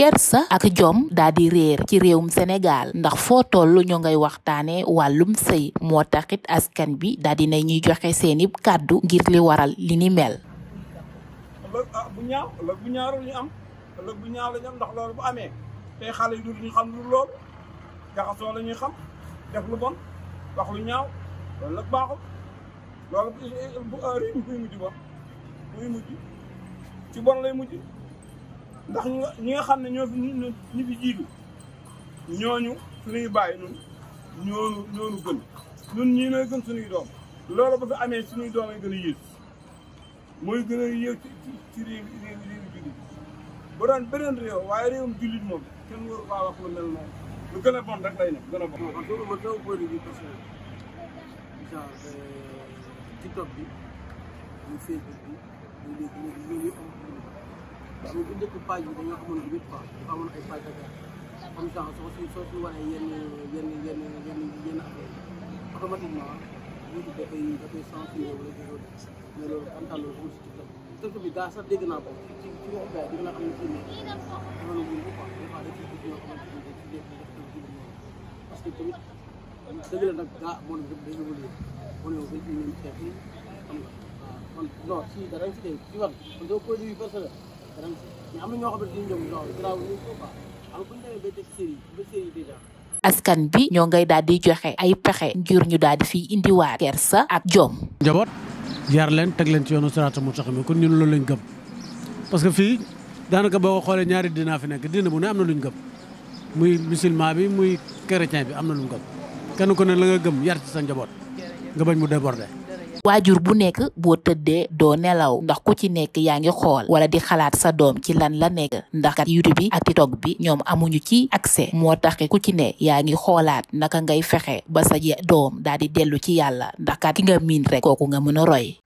kersa ak jom daa di réer ci réewum Sénégal ndax foo toll ñu ngay waxtaane wàllum sëy moo taxit askan bi daa di ñuy joxe seeni kàddu ngir li waral li ni mel. bu ñaaw loolu bu amee tey xale yi dootuñu xam lu loolu jaxasoo la xam def lu bon wax lu ñaaw loolu loolu bu mujj ba muy mujj ci bon lay mujj. ndax ñi nga xam ne ñoo fi ñu fi jiitu ñooñu suñuy bàyyi ñun ñoonu ñoonu gën ñun ñii nooy gën suñuy doom loolu ba fi amee suñuy doom ay gën a yées mooy gën a yées ci ci réew réew réew jullit bu doon réew waaye réewum jullit moom kenn waru faa wax lu mel noonu lu gën a bon rek lay nekk gën a bon. Euh, bi parce que bu njëkk page bi dañoo xamoon huit fois dafa amoon ay page Dakar comme genre soo si soo si waree yenn yenn yenn yenn yenn affaire yi automatiquement YouTube dafay dafay censuré wala du loolu mais loolu am na loolu amul si TikTok TikTok bi gaa sax dégg naa ko ci ci waxu gars yi dégg naa am na ci ne dama la mun ko quoi des fois dafa gis ñoo xamante ni ci def def ko ci lu parce que tamit dëgg la nag gaa moom dafa day évolué on est au vingt et unième siècle xam nga waaw kon non si dara si tey ci wàll parce que produit personnel ren askan bi ñoo ngay daal di joxe ay pexe ngir ñu daal di fiy indiwaat kersa ak jom. njaboot yar leen teg leen ci yoonu siraatal mi kon ñun loolu lañ gëm parce que fii daanaka boo ko xoolee ñaari dinaa fi nekk dina bu ne am na lu ñu gëm muy musulman bi muy chrétien bi am na luñ ñu gëm kenn ku ne la nga gëm yar ci sa njaboot nga bañ mu déborder. waajur bu nekk boo tëddee doo nelaw ndax ku ci nekk yaa ngi xool wala di xalaat sa doom ci lan la nekk ndax kat YouTube bi ak toog bi ñoom amuñu ci accès moo tax ku ci ne yaa ngi xoolaat naka ngay fexe ba sa doom daal di dellu ci yàlla ndax kat nga miin rek kooku nga mën a roy